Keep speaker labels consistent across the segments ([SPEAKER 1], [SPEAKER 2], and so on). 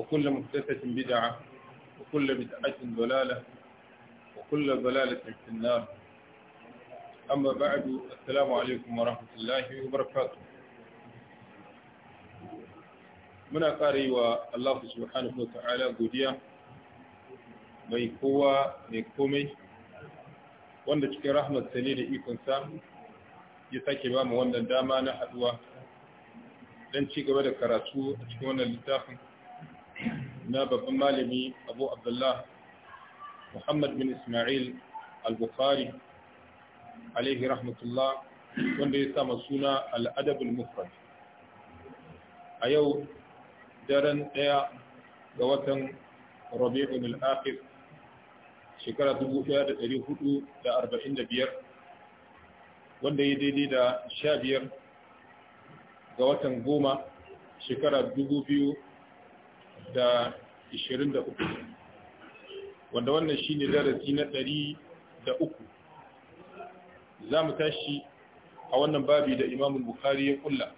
[SPEAKER 1] وكل محدثة بدعة وكل بدعة ضلالة وكل ضلالة في النار أما بعد السلام عليكم ورحمة الله وبركاته muna ƙare wa Allah subhanahu wa ta'ala godiya mai kowa mai komai wanda cikin rahmatsa ne da ikonsa ya sake ba mu wannan dama na haduwa don ci gaba da karatu a cikin wannan littafin na babban malami abu abdullah muhammad bin ismail al-bukhari alaihi rahmatullah wanda ya sama suna al'adabin mufrad a yau daren daya ga watan mil akhir shekara 1445 wanda ya daidai da sha ga watan goma shekara dubu da 23 wanda wannan shi ne darasi na 103 za mu tashi a wannan babi da Imam Bukhari ya kulla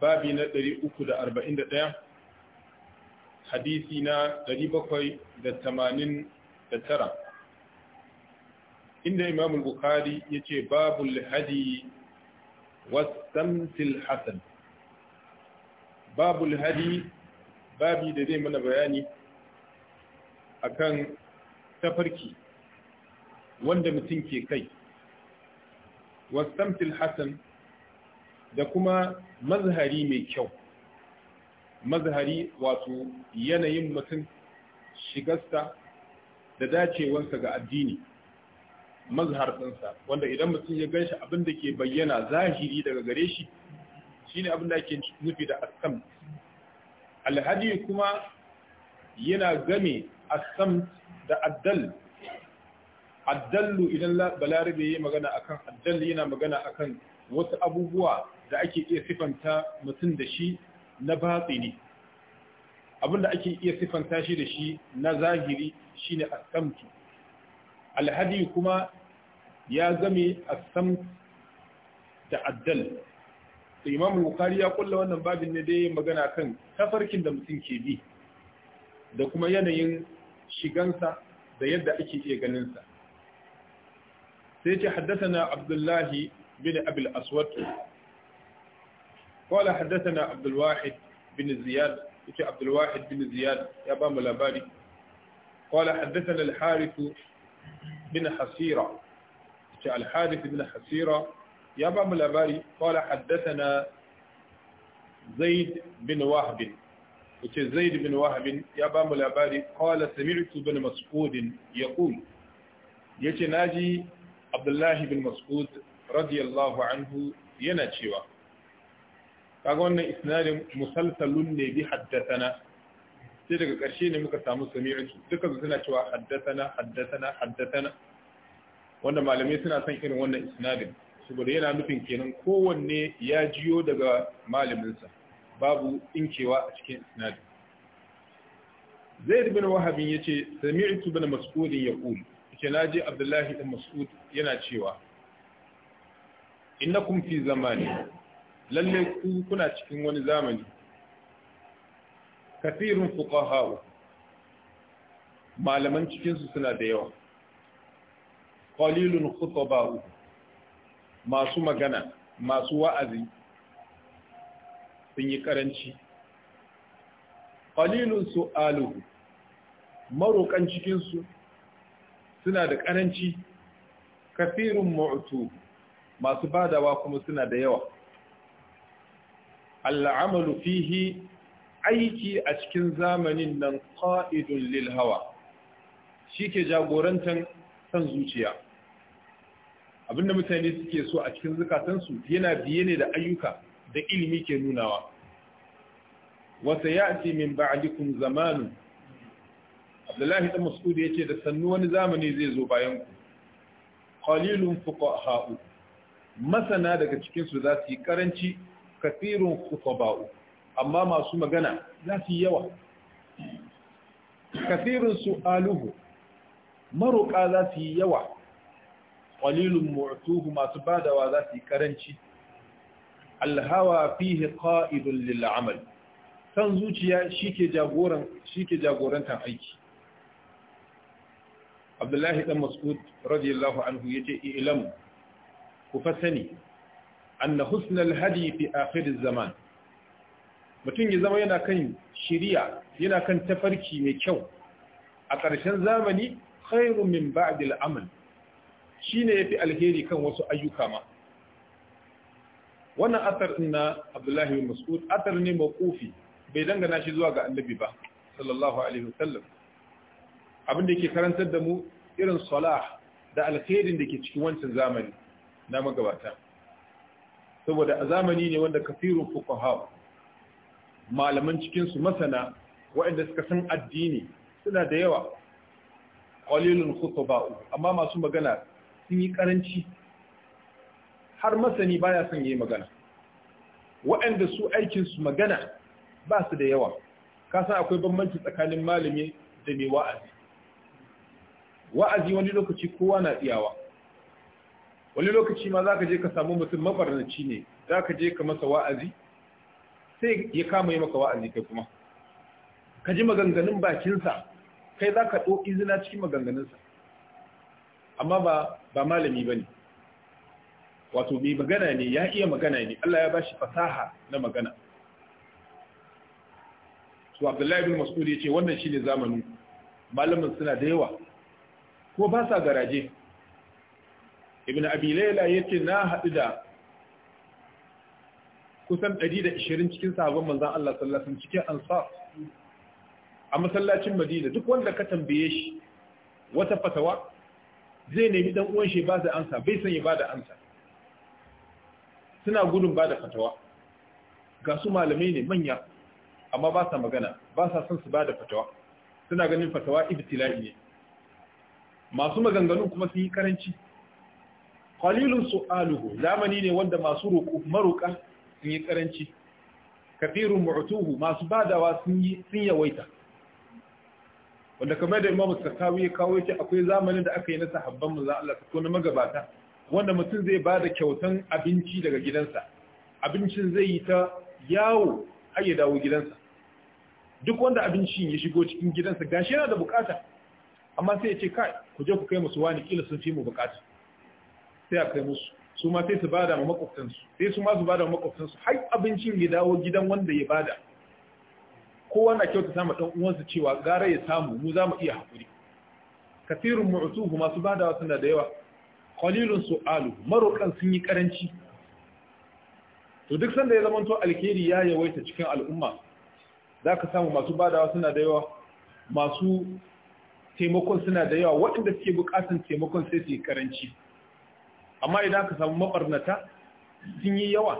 [SPEAKER 1] babi na 341 hadisi na 789 inda Imam Bukhari yace babul hadi wasamtil hasan babul hadi babi da zai mana bayani akan tafarki wanda mutum ke kai wasamtil Hassan, da kuma mazhari mai kyau mazhari wato yanayin mutum shigarsa da dacewansa ga addini mazhar ɗinsa wanda idan mutum ya ganshi abin da ke bayyana zahiri daga gare shi shine abin da ake nufi da asam alhadi kuma yana game sam da addal addallu idan balarabe ya magana akan addal yana magana akan wasu abubuwa da ake iya sifanta mutum da shi na batsini abinda ake iya sifanta shi da shi na zahiri shine asamtu alhadi kuma ya game asam da adal. to imam bukhari ya kulla wannan babin ne dai magana kan tafarkin da mutum ke bi da kuma yanayin shigansa da yadda ake iya ganinsa sai ce haddathana abdullahi bin abil aswad qala haddathana abdul wahid bin ziyad yace abdul wahid bin ziyad ya ba mu labari qala haddathana al harith bin hasira yace al harith bin hasira ya ba mu labari qala haddathana zaid bin wahb yace zaid bin wahb ya ba mu labari yace naji abdullahi bin mas'ud radiyallahu anhu yana cewa kaga wannan isnadin musalsalun ne bi haddatana sai daga ƙarshe ne muka samu sami'insu duka suna cewa haddatana haddatana haddatana wanda malamai suna son irin wannan isnadin saboda yana nufin kenan kowanne ya jiyo daga malaminsa babu inkewa a cikin isnadin zai bin wahabin yace mas'udin ya mas'ud ke na je abdullahi bin mas'ud yana cewa innakum fi zamani lalle ku kuna cikin wani zamani fuka fuqaha malaman cikinsu suna da yawa qalilun khutaba'u masu magana masu wa'azi sun yi karanci qalilun su'aluhu marokan cikinsu suna da ƙaranci, kafirin ma’utu masu badawa kuma suna da yawa al'amalu fihi aiki a cikin zamanin nan ƙa'idun lil hawa ke jagorantar son zuciya abinda mutane suke so a cikin zukatansu yana biye ne da ayyuka da ilimi ke nunawa wata ya ce min ba'alikum zamanu abdullahi ɗan masu ya ce da sannu wani zamani zai zo bayan ku fuka ha'u masana daga cikinsu za su yi karanci fuka ba'u amma masu magana za su yi yawa su Aluhu. maroƙa za su yi yawa qalilun mu'tuhu masu badawa za su yi karanci alhawa fihi qa'idun lil amal san zuciya shike jagoran shike jagorantar aiki Abdullahi dan Mas'ud radiyallahu anhu yace ilam ku fasani anna husnal hadi fi akhir zaman mutum ya zama yana kan shiriya yana kan tafarki mai kyau a ƙarshen zamani khairu min ba'dil amal Shi ne ya fi alheri kan wasu ayyuka ma wannan asar ina na Abdullahi bin Mas'ud asar ne mawqufi bai dangana shi zuwa ga Annabi ba sallallahu alaihi wasallam abin da yake karantar da mu irin salah da alherin da ke cikin wancan zamani na magabata saboda a zamani ne wanda kafirun fuqaha malaman cikinsu masana waɗanda suka san addini suna da yawa qalilun khutba'u amma masu magana sun yi karanci har masani baya son yi magana waɗanda su aikinsu magana ba su da yawa kasan akwai bambanci tsakanin malami da mai wa'azi wa'azi wani lokaci kowa na iyawa wani lokaci ma za ka je ka samu mutum mafarnaci ne za ka je ka masa wa'azi sai ya kama yi maka wa'azi kai kuma ka ji maganganun bakinsa kai za ka ɗo izina cikin maganganunsa amma ba ba malami ne. wato mai magana ne ya iya magana ne Allah ya shi fasaha na magana Su Abdullahi bin ya ce, wannan shi ne zamanin malamin suna da yawa ko ba sa garaje Ibn Abi ya ce na haɗu da kusan 120 cikin sahabban manzan Allah sallallahu cikin ansar a masallacin Madina duk wanda ka tambaye shi wata fatawa zai nemi dan uwan shi ba da amsa bai san ya ba da amsa suna gudun ba da fatawa ga su malamai ne manya amma ba sa magana ba sa son su ba da fatawa suna ganin fatawa ibtila'i ne masu maganganu kuma sun yi karanci qalilun su'aluhu zamani ne wanda masu roƙo maroƙa sun yi karanci kafirun mu'tuhu masu badawa sun yi sun yawaita wanda kamar da imamu sakawi ya kawo yake akwai zamanin da aka yi na sahabban manzon Allah ko na magabata wanda mutum zai ba da kyautan abinci daga gidansa abincin zai yi ta yawo har ya dawo gidansa duk wanda abincin ya shigo cikin gidansa gashi yana da bukata amma sai ya ce kai ku je ku kai musu wani kila sun fi mu bukata sai a kai musu su ma sai su bada ma makwabtansu sai su ma su bada ma makwabtansu har abincin ya dawo gidan wanda ya bada kowa na kyauta sama dan uwansa cewa gara ya samu mu za iya hakuri kathirun mu'tuhu masu badawa suna da yawa qalilun su'alu marokan sun yi karanci to duk sanda ya zamanto alkhairi ya yawaita cikin al'umma zaka samu masu badawa suna da yawa masu taimakon suna da yawa waɗanda suke buƙatar taimakon sai su yi karanci amma idan ka samu mabarnata sun yi yawa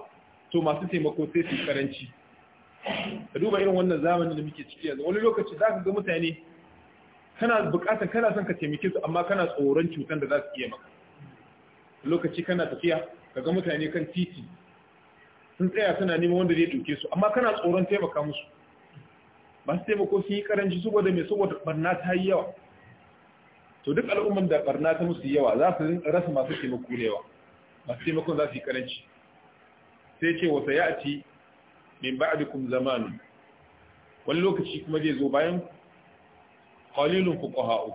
[SPEAKER 1] to masu taimako sai su yi karanci ka duba irin wannan zamanin da muke ciki yanzu wani lokaci za ka ga mutane kana bukatar kana son ka taimake su amma kana tsoron cutar da za su iya maka lokaci kana tafiya ka ga mutane kan titi sun tsaya suna neman wanda zai duke su amma kana tsoron taimaka musu ba su taimako sun yi karanci saboda mai saboda barna ta yi yawa to duk al'umman da barna ta musu yawa za su rasa masu taimako da yawa masu taimakon za su yi karanci sai ce wata ya ci min ba'dikum zamani. wani lokaci kuma zai zo bayan qalilun fuqaha'u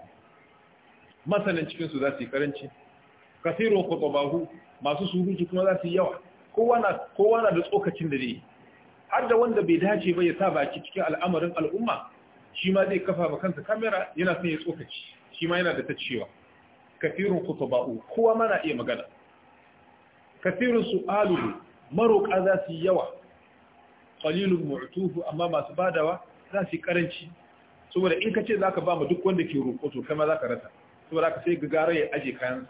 [SPEAKER 1] masanan cikin su za su yi karanci kathirun khutabahu masu surutu kuma za su yi yawa kowa na da tsokacin da zai har da wanda bai dace ba ya sa baki cikin al'amarin al'umma shi ma zai kafa ba kansa kamera yana son ya tsokaci shi ma yana da ta cewa kafirun kutaba'u kowa mana iya magana su su'alu maroƙa za su yi yawa qalilun mu'tuhu amma masu badawa za su karanci saboda in ka ce zaka ba mu duk wanda ke roƙo to kai ma zaka rasa saboda ka sai gagara ya aje kayan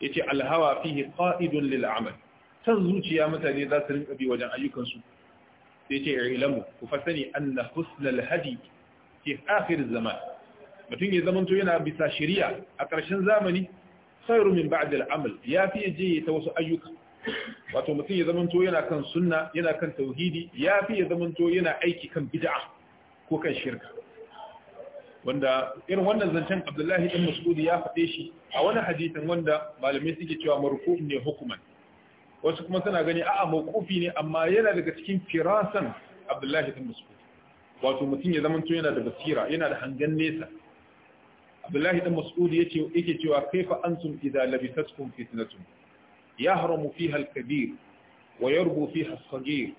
[SPEAKER 1] yace alhawa fihi qa'idun lil amal san zuciya mutane za su rinka bi wajen ayyukan su yace ilamu ku fasani anna husnal hadi fi akhir zaman mutum ya zamanto yana bisa shari'a a ƙarshen zamani khairu min ba'd al amal ya fi je ta wasu ayyuka wato mutum ya zamanto yana kan sunna yana kan tauhidi ya fi ya zamanto yana aiki kan bid'a ko kan shirka wanda irin wannan zancen abdullahi ɗan masudi ya faɗe shi a wani hadisin wanda malamai suke cewa marfu ne hukuman wasu kuma suna gani a'a mawqufi ne amma yana daga cikin firasan abdullahi ɗan masudi wato mutum ya zamanto yana da basira yana da hangen nesa abdullahi ɗan masudi yake cewa kaifa antum idza labisatkum fitnatun يهرم فيها الكبير ويربو فيها الصغير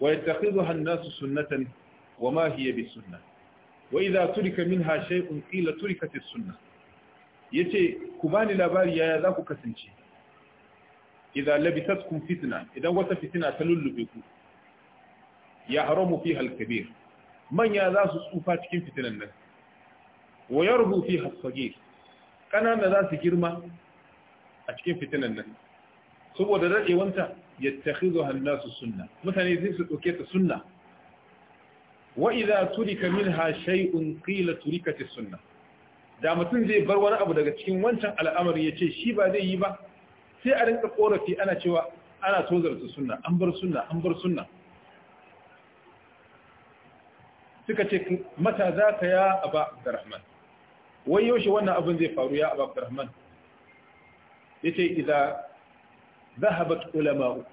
[SPEAKER 1] ويتخذها الناس سنة وما هي بسنة وإذا ترك منها شيء قيل تركت السنة yace ku bani labari yaya za ku kasance idan labitatkum fitna idan wata fitina ta lullube ku ya haramu fiha al manya za su tsufa cikin fitinan nan wa yarbu za su girma a cikin nan saboda daɗewanta ya tafizo hannasu sunna mutane zai su ɗauke ta sunna wa iza turika min ha shay'un qila turikati sunna da mutum zai bar wani abu daga cikin wancan al'amari ya ce shi ba zai yi ba sai a rinka korafi ana cewa ana su sunna an bar sunna an bar sunna suka ce mata za ka ya aba abdurrahman wai yaushe wannan abin zai faru ya aba abdurrahman ya ce idan zahabat ulama'u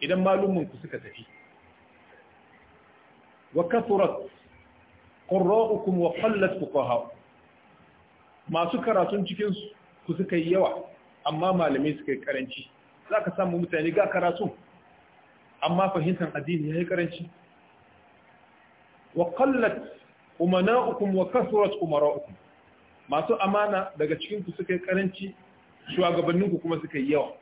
[SPEAKER 1] idan malumin suka tafi wa kathurat qurra'ukum wa qallat fuqaha'u masu karatun cikin ku suka yi yawa amma malamai suka yi karanci zaka samu mutane ga karatu amma fahimtar addini yayi karanci wa qallat umana'ukum wa kasurat umara'ukum masu amana daga cikin ku suka yi karanci shugabannin kuma suka yi yawa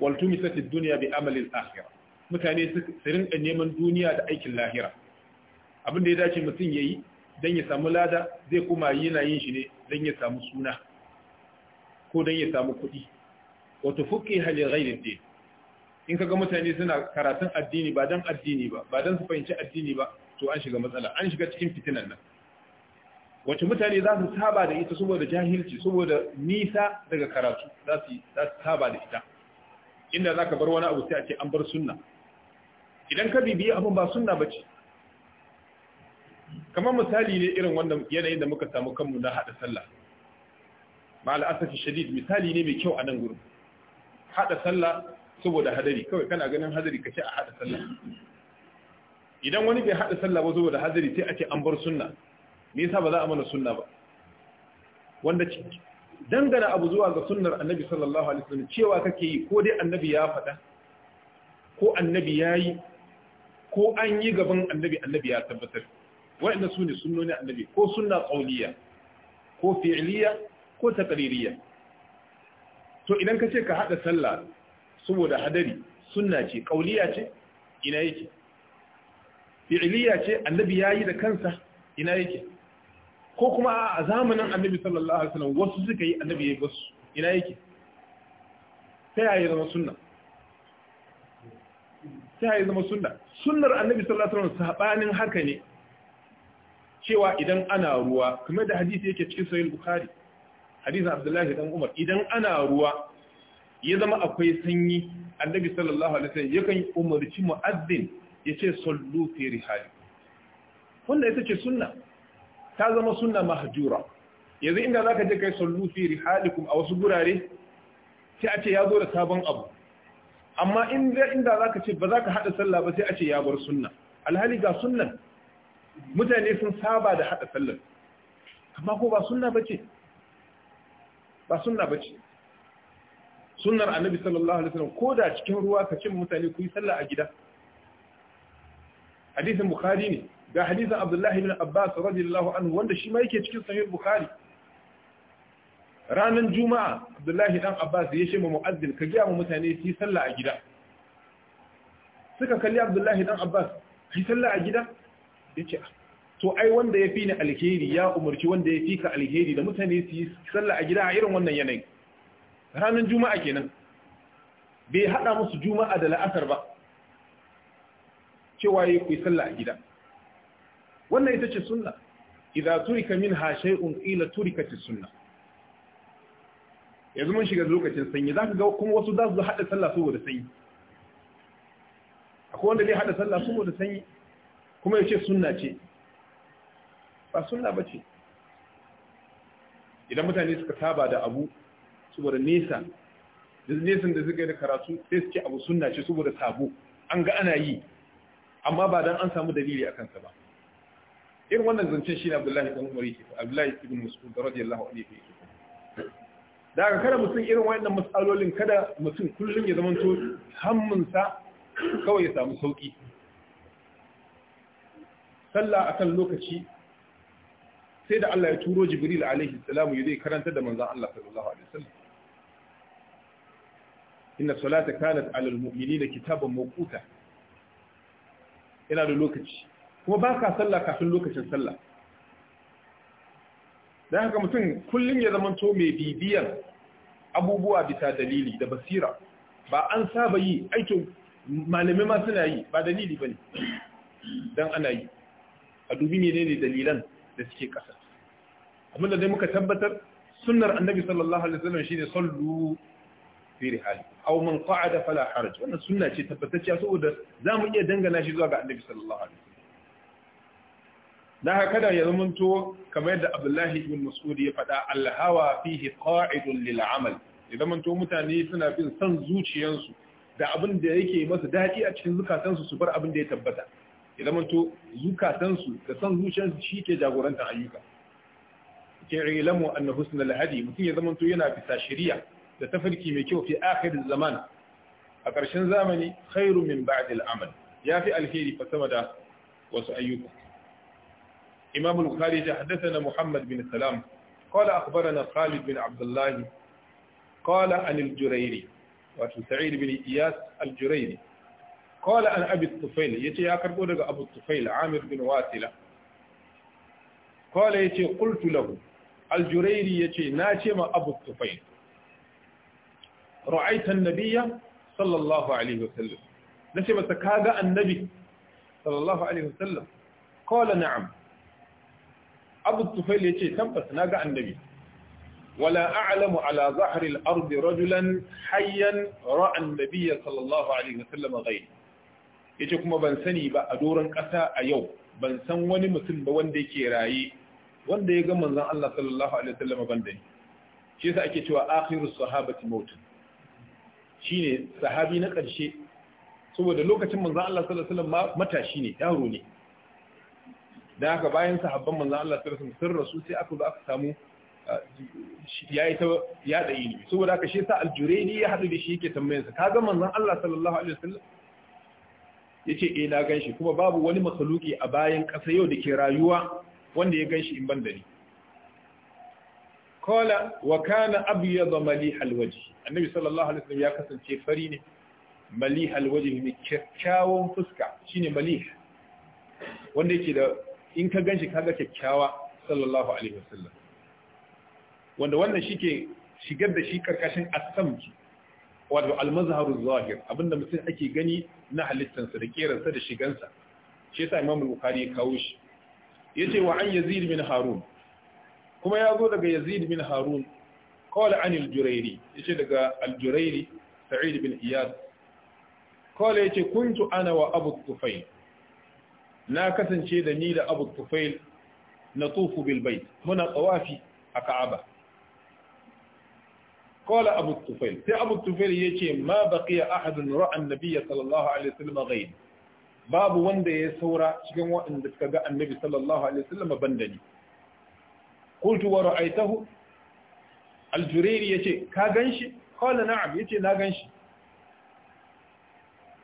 [SPEAKER 1] waltumisat ad-dunya bi amalin akhirah mutane su rinka neman duniya da aikin lahira abin da ya dace mutum yayi dan ya samu lada zai kuma yana yin shi ne dan ya samu suna ko dan ya samu kuɗi wato fuqiha li ghayri din in kaga mutane suna karatun addini ba dan addini ba ba dan su fahimci addini ba to an shiga matsala an shiga cikin fitinan nan wace mutane za su saba da ita saboda jahilci saboda nisa daga karatu za su saba da ita inda za ka bar wani abu sai a ce an bar suna. idan ka bibiyi abin ba suna ba ce kamar misali ne irin wannan yanayin da muka samu kanmu na haɗa sallah ma al'asafi shadid misali ne mai kyau a nan gurin haɗa sallah saboda hadari kawai kana ganin hadari ka kace a haɗa sallah idan wani bai haɗa sallah ba saboda hadari sai a ce an bar suna, me yasa ba za a mana suna ba wanda dangana abu zuwa ga sunnar annabi sallallahu alaihi wasallam cewa kake yi ko dai annabi ya faɗa ko annabi ya yi ko an yi gaban annabi annabi ya tabbatar wa'anda su ne sunnoni annabi ko sunna qauliya ko fi'liya ko taqririya to idan ka ce ka hada sallah saboda hadari sunna ce qauliya ce ina yake fi'liya ce annabi ya yi da kansa ina yake ko kuma a zamanin annabi sallallahu alaihi wasallam wasu suka yi annabi ya basu ina yake ta yaya zama sunna ta yaya zama sunna sunnar annabi sallallahu alaihi wasallam sabanin haka ne cewa idan ana ruwa kamar da hadisi yake cikin sahih bukhari hadisi abdullahi dan umar idan ana ruwa ya zama akwai sanyi annabi sallallahu alaihi wasallam yakan umarci muazzin yace sallu fi rihali wannan ita ce sunna ta zama sunna mahjura yanzu inda ka je kai sallu fi rihalikum a wasu gurare sai a ce ya zo da sabon abu amma inda za ka ce ba za ka haɗa sallah ba sai a ce ya bar sunna alhali ga sunan, mutane sun saba da haɗa sallar amma ko ba sunna ce? ba sunna ce? sunnar annabi sallallahu alaihi wasallam ko da cikin ruwa ka ce mutane ku yi sallah a gida hadisin bukhari ne Ga hadisin Abdullahi bin Abbas radiyallahu anhu wanda shi ma yake cikin sahih Bukhari ranan juma'a Abdullahi dan Abbas ya ce ma mu'azzin ka giya mu mutane su yi sallah a gida suka kalli Abdullahi dan Abbas yi sallah a gida yace to ai wanda ya fi ni alheri ya umarci wanda ya fi ka alheri da mutane su yi sallah a gida a irin wannan yanayi ranan juma'a kenan bai hada musu juma'a da la'asar ba cewa yi ku yi sallah a gida wannan ita ce sunna idan turika min ha shay'un ila turika ce sunna yanzu mun shiga lokacin sanyi zaka ga kuma wasu za su hada sallah saboda sanyi akwai wanda zai hada sallah saboda sanyi kuma yace sunna ce ba sunna bace idan mutane suka saba da abu saboda nesa da nesan da suka yi da karatu sai suke abu sunna ce saboda sabo an ga ana yi amma ba dan an samu dalili akan sa ba irin wannan zancen shi ne abdullahi ibn umar yake abdullahi ibn mas'ud radiyallahu anhu yake da ga kada mutum irin wayannan matsalolin kada mutum kullum ya zamanto hammunsa kawai ya samu sauki sallah akan lokaci sai da Allah ya turo Jibril alaihi salamu ya zai karanta da manzon Allah sallallahu alaihi wasallam inna salata kanat alal mu'minina kitaban mawquta ina da lokaci kuma ba ka sallah kafin lokacin sallah don haka mutum kullum ya zamanto mai bibiyar abubuwa bisa dalili da basira ba an saba yi aikin malamai ma suna yi ba dalili ba ne don ana yi a dubi ne ne dalilan da suke ƙasa abinda dai muka tabbatar sunnar annabi sallallahu alaihi wasallam shine sallu fi rihali aw man qa'ada fala haraj wannan sunna ce tabbatacciya saboda zamu iya dangana shi zuwa ga annabi sallallahu alaihi wasallam na haka da ya zamanto kamar yadda Abdullahi ibn Mas'ud ya faɗa al fihi qa'idun lil amal ya zamanto mutane suna bin san zuciyarsu da abin da yake masu daɗi a cikin zukatansu su bar abin da ya tabbata ya zamanto zukatansu da san zuciyarsu shi ke jagorantar ayyuka ke ilamu anna husnul hadi mutum ya zamanto yana bisa shari'a da tafarki mai kyau fi akhir zaman a ƙarshen zamani khairu min ba'd al-amal yafi alheri fa sama da wasu ayyuka إمام البخاري حدثنا محمد بن سلام قال أخبرنا خالد بن عبد الله قال عن الجريري وسعيد بن إياس الجريري قال عن أبي الطفيل يتي أكربو لك أبو الطفيل عامر بن واسلة قال يتي قلت له الجريري يتي ناتم أبو الطفيل رأيت النبي صلى الله عليه وسلم نتي مسكاغا النبي صلى الله عليه وسلم قال نعم abu tufail ya ce tabbas na ga annabi wala a'lamu ala zahril ardi rajulan hayyan ra'a annabiyya sallallahu alaihi wasallam ghayr yace kuma ban sani ba a doron ƙasa a yau ban san wani mutum ba wanda yake raye wanda ya ga manzon Allah sallallahu alaihi wasallam banda ni shi ake cewa akhiru sahabati mautun shine sahabi na ƙarshe, saboda lokacin manzon Allah sallallahu alaihi matashi ne yaro ne da haka bayan sahabban manzan Allah sallallahu alaihi wasallam sun rasu sai aka zo aka samu uh, yayi ta yada ilimi saboda haka shi sa aljurayni ya haɗu da shi yake tambayar sa kaga manzan Allah sallallahu alaihi wasallam yace eh na ganshi kuma babu wani makhluki a bayan ƙasa yau da ke rayuwa wanda ya ganshi in ban da ni kola wa kana abyad mali alwaji annabi sallallahu alaihi wasallam ya kasance fari ne mali alwaji ne kyakkyawan fuska shine mali wanda yake da in ka ganshi kaga kyakkyawa sallallahu alaihi wasallam wanda wannan shike shigar da shi karkashin asamki wato almazharu zahir abinda mutum ake gani na halittansa da keransa da shigansa shi yasa imam bukhari ya kawo shi yace wa an yazid bin harun kuma ya zo daga yazid bin harun qala an al-jurayri yace daga al-jurayri sa'id bin iyad qala yace kuntu ana wa abu tufayl na kasance da ni da abu tufail na tufu bilbai muna tsawafi a ka'aba kola abu tufail sai abu tufail ya ce ma baƙiya ahadun ra'an nabiya sallallahu alaihi wasallam gaid babu wanda ya saura cikin waɗanda suka ga annabi sallallahu alaihi wasallam banda ni qultu wa ra'aytahu al-jurayri yace ka ganshi qala na'am yace na ganshi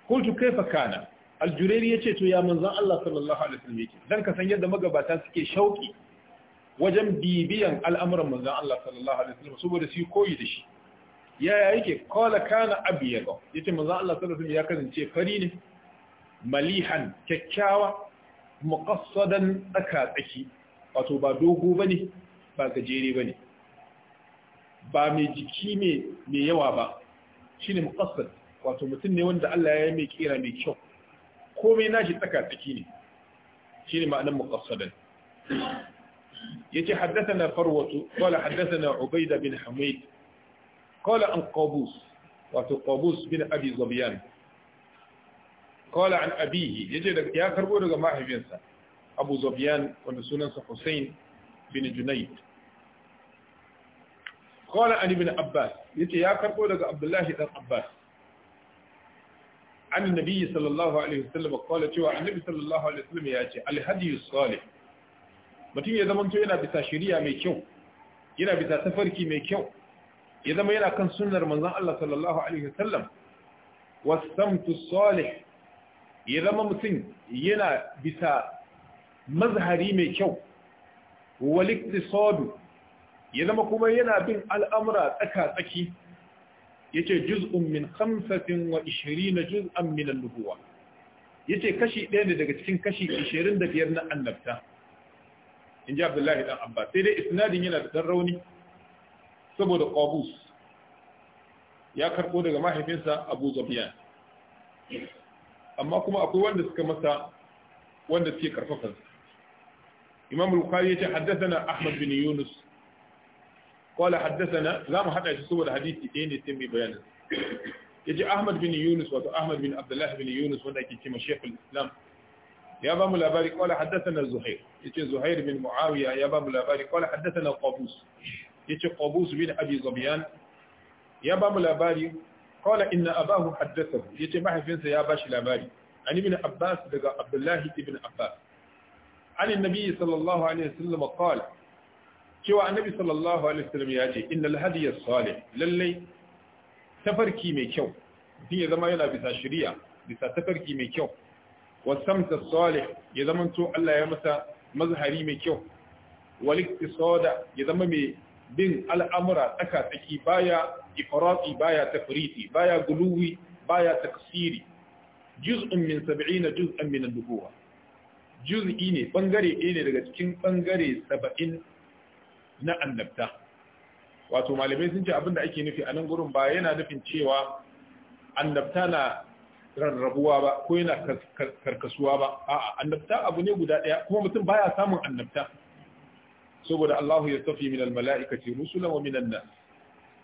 [SPEAKER 1] qultu kaifa kana aljureri ya ce to ya manzan Allah sallallahu alaihi wasallam yake dan ka san yadda magabata suke shauki wajen bibiyan al'amuran manzan Allah sallallahu alaihi wasallam saboda su koyi da shi yaya yake qala kana abyada yace manzan Allah sallallahu alaihi wasallam ya kasance fari ne malihan kyakkyawa muqassadan tsaka tsaki wato ba dogo bane ba gajere bane ba mai jiki mai yawa ba shine muqassad wato mutum ne wanda Allah ya yi mai kira mai kyau komai nashi tsaka tsaki ne shine ma'anar muqassadan yace haddathana farwatu haddasa na ubayda bin hamid qala an qabus wato qabus bin abi zabiyan qala an abihi yace ya karbo daga mahaifinsa abu zabiyan wanda sunansa husayn bin Junaid. qala an ibn abbas yace ya karbo daga abdullahi dan abbas an nabiyyi sallallahu alaihi wasallam kawai cewa annabi sallallahu alaihi wasallam ya ce alhadiyu salih mutum ya zama yana bisa shari'a mai kyau yana bisa tafarki mai kyau ya zama yana kan sunnar manzon Allah sallallahu alaihi wasallam wasamtu salih ya zama mutum yana bisa mazhari mai kyau waliktisadu ya zama kuma yana bin al'amura tsaka-tsaki ce juz'un min na juz'an min an Ya yace kashi ɗaya ne daga cikin kashi biyar na annabta in ji Abdullahi dan Abba sai dai isnadin yana da rauni saboda Qabus ya karbo daga mahaifinsa Abu Zufyan amma kuma akwai wanda suka masa wanda suke karfafansa. Imam ce haddasa na Ahmad bin Yunus قال حدثنا لا محدد سوى الحديث دين يتم بيانه يجي أحمد بن يونس وتو أحمد بن عبد الله بن يونس وانا كما شيخ الإسلام يا بام الأباري قال حدثنا زهير يجي زهير بن معاوية يا بام الأباري قال حدثنا قابوس يجي قابوس بن أبي زبيان يا بام الأباري قال إن أباه حدثه يجي ما حفنسى يا باش الأباري عن ابن عباس بقى عبد الله بن عباس عن النبي صلى الله عليه وسلم قال cewa annabi sallallahu alaihi wasallam ya ce innal hadiy salih lalle tafarki mai kyau mutum ya zama yana bisa shari'a bisa tafarki mai kyau wa samta salih ya zama to Allah ya masa mazhari mai kyau wal iktisada ya zama mai bin al'amura tsaka tsaki baya ifrati baya tafriti baya guluwi baya taksiri juz'un min 70 juz'an min an-nubuwah juz'i ne bangare ɗaya ne daga cikin bangare 70 na annabta wato malamai sun ce abin da ake nufi a nan gurin ba yana nufin cewa annabta na rarrabuwa ba ko yana karkasuwa ba a'a annabta abu ne guda daya kuma mutum baya samun annabta saboda Allah ya tafi min almalaikati rusulan wa minan nas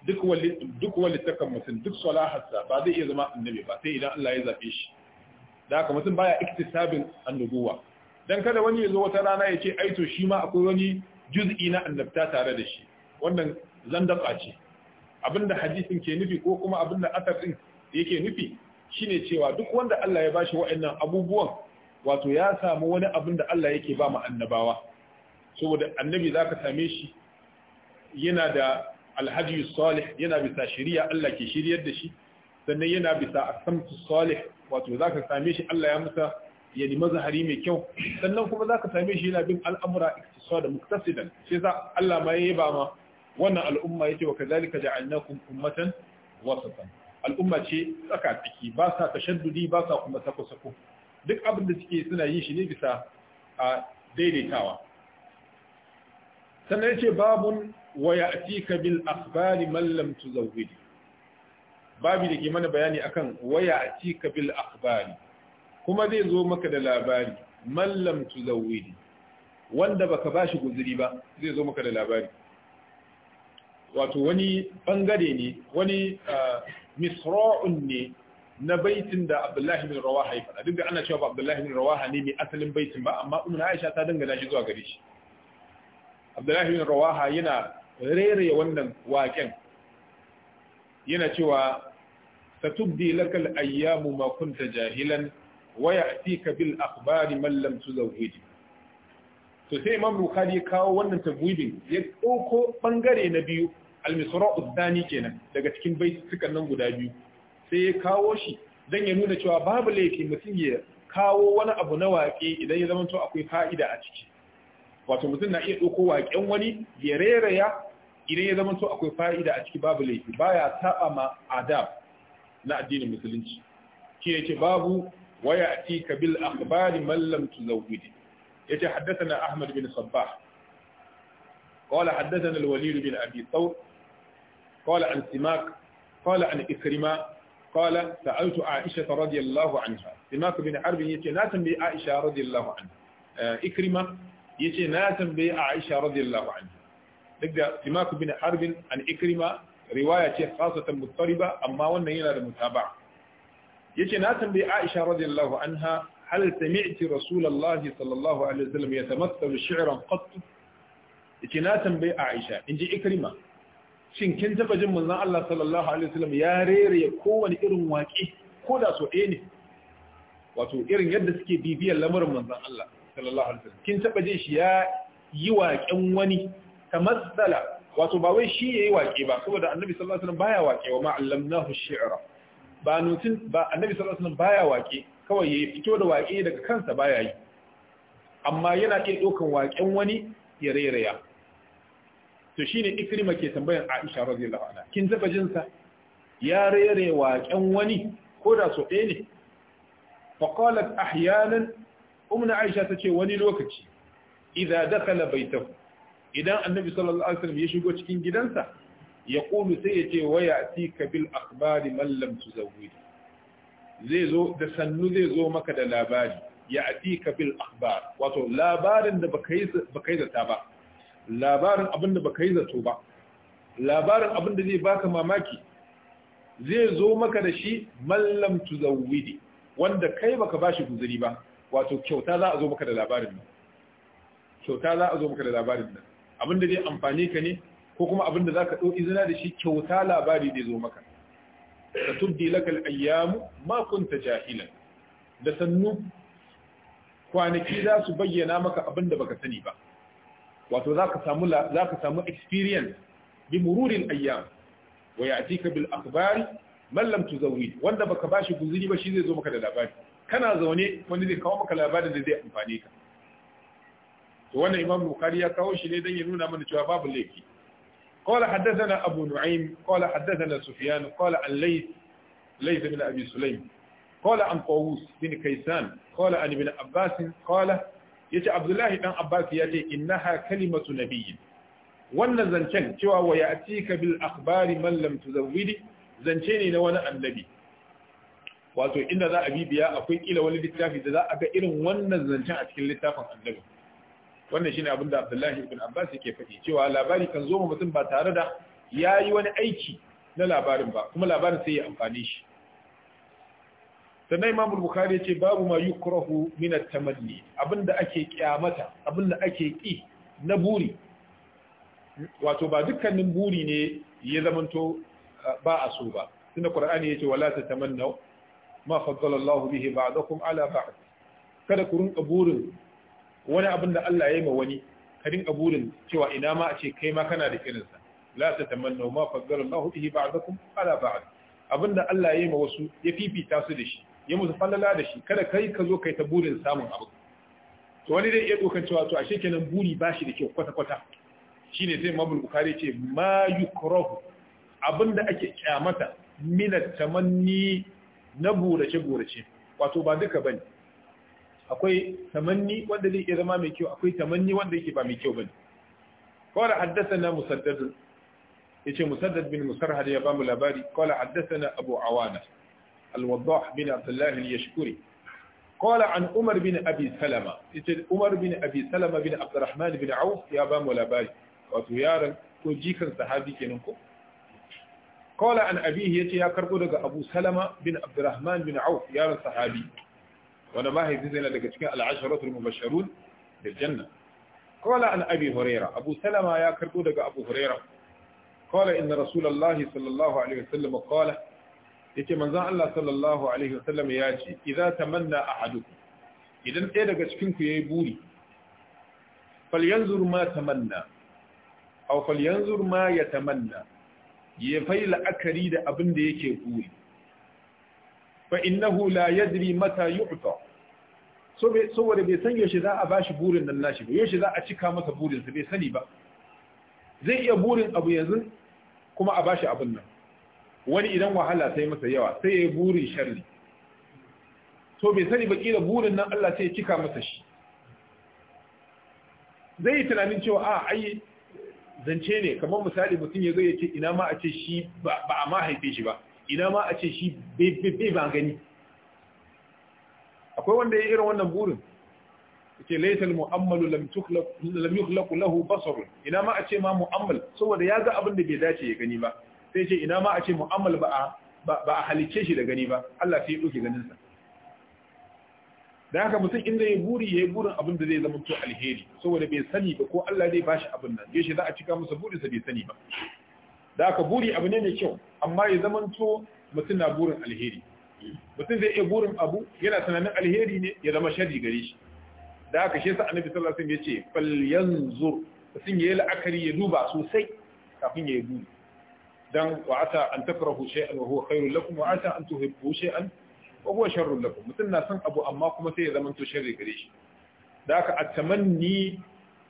[SPEAKER 1] duk wali duk wali takan mutum duk salaharsa ba zai iya zama annabi ba sai idan Allah ya zabe shi da haka mutum baya iktisabin annubuwa dan kada wani ya zo wata rana ya ce ai to shi ma akwai wani juz'i na annabta tare da shi wannan zandaba ce abinda hadisin ke nufi ko kuma abinda asar din yake nufi shine cewa duk wanda Allah ya bashi wa'annan abubuwan wato ya samu wani abin da Allah yake ba mu annabawa saboda annabi zaka same shi yana da alhaji salih yana bisa shari'a Allah ke shiryar da shi sannan yana bisa asamtu salih wato zaka same shi Allah ya musa ya nemi zahari mai kyau sannan kuma zaka same shi yana bin al'amura iktisada muktasidan shi za Allah ma yi ba ma wannan al'umma ce wa kazalika ja'alnakum ummatan wasatan al'umma ce tsaka ciki, ba sa tashaddudi ba sa kuma sako sako duk abin da suke suna yin shi ne bisa a daidaitawa sannan yace babun a ya'tika bil akhbari Mallam tuzawwidi Babu da ke mana bayani akan waya a cika bil akhbari kuma zai zo maka da labari mallam Zawidi, wanda baka bashi guzuri ba zai zo maka da labari wato wani bangare ne wani misra'un ne na baitin da Abdullahi bin Rawaha ya faɗa duk da ana cewa ba Abdullahi bin Rawaha ne mai asalin baitin ba amma Umar Aisha ta dangana shi zuwa gare shi Abdullahi bin Rawaha yana rere wannan waken yana cewa satubdi lakal ayyamu ma kunta jahilan ويأتيك بالأخبار من لم تزوهد to sai imam ya kawo wannan tabwibin ya ɗauko ɓangare na biyu al-misra'u kenan daga cikin sukan nan guda biyu sai ya kawo shi dan ya nuna cewa babu laifi mutum ya kawo wani abu na waƙe idan ya zamanto akwai fa'ida a ciki wato mutum na iya ɗauko waƙen wani ya reraya idan ya zamanto akwai fa'ida a ciki babu laifi baya saba ma adab na addinin musulunci shi babu ويأتيك بالأخبار من لم تزوده يتحدثنا أحمد بن صباح قال حدثنا الوليد بن أبي ثور قال عن سماك قال عن إكرمة قال سألت عائشة رضي الله عنها سماك بن حرب يتي ناتم بعائشة رضي الله عنها آه، إكرمة يتي ناتم بعائشة رضي الله عنها سماك بن حرب عن إكرمة رواية خاصة مضطربة أما وانا هنا المتابعة yace na tambayi Aisha radiyallahu anha hal sami'ti rasulullahi sallallahu alaihi wasallam yatamathalu shi'ran qatt yace na tambayi Aisha inji Ikrima shin kin taba jin manzon Allah sallallahu alaihi wasallam ya rere kowane irin waki ko da so ɗaya ne wato irin yadda suke bibiyar lamarin manzon Allah sallallahu alaihi wasallam kin taba jin shi ya yi waƙen wani tamassala wato ba wai shi yayi waƙe ba saboda annabi sallallahu alaihi wasallam baya waƙe wa ma allamnahu shi'ra ba nutin ba annabi sallallahu alaihi wasallam baya wake kawai ya fito da wake daga kansa baya yi amma yana iya ɗaukan waken wani ya rairaya to shine ikrima ke tambayan Aisha radiyallahu anha kin taba jin sa ya rairaya waken wani ko da so ɗaya ne fa qalat ahyanan umma Aisha tace wani lokaci idza dakala baitahu idan annabi sallallahu alaihi wasallam ya shigo cikin gidansa ya kulu sai ya ce waya ti bil akbari mallam su zawuri zai zo da sannu zai zo maka da labari ya ti bil akbar wato labarin da baka yi zata ba labarin abin da baka yi zato ba labarin abin da zai baka mamaki zai zo maka da shi mallam tu zawidi wanda kai baka bashi guzuri ba wato kyauta za a zo maka da labarin nan kyauta za a zo maka da labarin nan abin da zai amfane ka ne ko kuma abinda za ka ɗau izina da shi kyauta labari da zo maka da tubdi lakal ayyamu ma kunta jahilan da sannu kwanaki za su bayyana maka abinda baka sani ba wato za ka samu za ka samu experience bi mururil ayyam wa ya'tika bil akhbari man lam tuzawwid wanda baka bashi guzuri ba shi zai zo maka da labari kana zaune wanda zai kawo maka labarin da zai amfane ka to wannan imam bukhari ya kawo shi ne dan ya nuna mana cewa babu laifi قال حدثنا أبو نعيم قال حدثنا سفيان قال عن ليث ليث بن أبي سليم قال عن طاووس بن كيسان قال عن ابن عباس قال يجي عبد الله بن عباس يجي إنها كلمة نبي wannan zancen cewa wa ya atika bil akhbari man lam tuzawwidi zance ne na wani annabi wato inda za a bibiya akwai kila wani littafi da za a ga irin wannan zancen a cikin littafin annabi wannan shine abin da Abdullahi ibn Abbas yake faɗi cewa labari kan zo mutum ba tare da ya yi wani aiki na labarin ba kuma labarin sai ya amfane shi sannan Imam Bukhari yace babu ma yukrahu min at-tamanni abinda ake kyamata abinda ake ki na buri wato ba dukkanin buri ne ya zamanto ba a so ba tunda Qur'ani yace wala tatamannu ma faddala Allah bihi ba'dakum ala ba'd kada ku rinka burin wani abin da Allah ya yi ma wani ka dinga burin cewa ina ma a ce kai ma kana da sa la ta tamanna ma faddala Allah bihi ba'dakum ala ba'd abin da Allah ya yi ma wasu ya fifita su da shi ya musu fallala da shi kada kai ka zo kai ta burin samun abu to wani dai iya dokan cewa to ashe kenan buri ba shi da kyau kwata kwata shine sai mabul Bukhari ce ma yukrahu abinda da ake kyamata min tamanni na burace burace wato ba duka bane akwai tamanni wanda zai iya zama mai kyau akwai tamanni wanda yake ba mai kyau bane qala haddathana musaddad yace musaddad bin musarhad ya bamu labari qala haddathana abu awana al-wadah bin abdullah al-yashkuri qala an umar bin abi salama yace umar bin abi salama bin abdurrahman bin auf ya bamu labari wato yaran ko jikan sahabi kenan ko qala an abihi yace ya karbo daga abu salama bin abdurrahman bin auf yaran sahabi wanda mahaifi zai na daga cikin al'asharatul mubasharun da janna Kola an abi huraira abu salama ya karbo daga abu huraira Kola inna Rasulallah sallallahu alaihi wasallam qala yace manzan Allah sallallahu alaihi wasallam ya ce idan ta manna a ahadukum idan ɗaya daga cikinku ya yi buri falyanzur ma manna. aw falyanzur ma yatamanna ya faila la'akari da abin da yake buri fa innahu la yadri mata yu'ta so bai saboda bai san yaushe za a bashi burin nan nashi ba yaushe za a cika masa burin sa bai sani ba zai iya burin abu yanzu kuma a bashi abin nan wani idan wahala sai masa yawa sai yayi burin sharri so bai sani ba kila burin nan Allah sai ya cika masa shi zai yi tunanin cewa a ah, ai zance ne kamar misali mutum ya zai ya ce ina ma a ce shi ba a ma haife shi ba ina ma a ce shi bai ba gani akwai wanda ya irin wannan burin ce laisal mu'ammalu lam yukhlaq lahu basar ina ma a ce ma mu'ammal saboda ya ga abin da bai dace ya gani ba sai ce ina ma a ce mu'ammal ba a halice shi da gani ba Allah sai ya doke ganin sa da haka mutum in zai buri yi burin abin da zai zama to alheri saboda bai sani ba ko Allah zai bashi abin nan yace za a cika masa burin sa bai sani ba da aka buri abu ne mai kyau amma ya zamanto mutum na burin alheri mutum zai iya burin abu yana tunanin alheri ne ya zama sharri gare shi da aka shi sa annabi sallallahu alaihi wasallam yace fal yanzur mutum yayi la'akari ya duba sosai kafin yayi buri dan wa ata an takrahu shay'an wa huwa khairul lakum wa ata an tuhibbu shay'an wa huwa sharrul lakum mutum na san abu amma kuma sai ya zamanto sharri gare shi da aka atamanni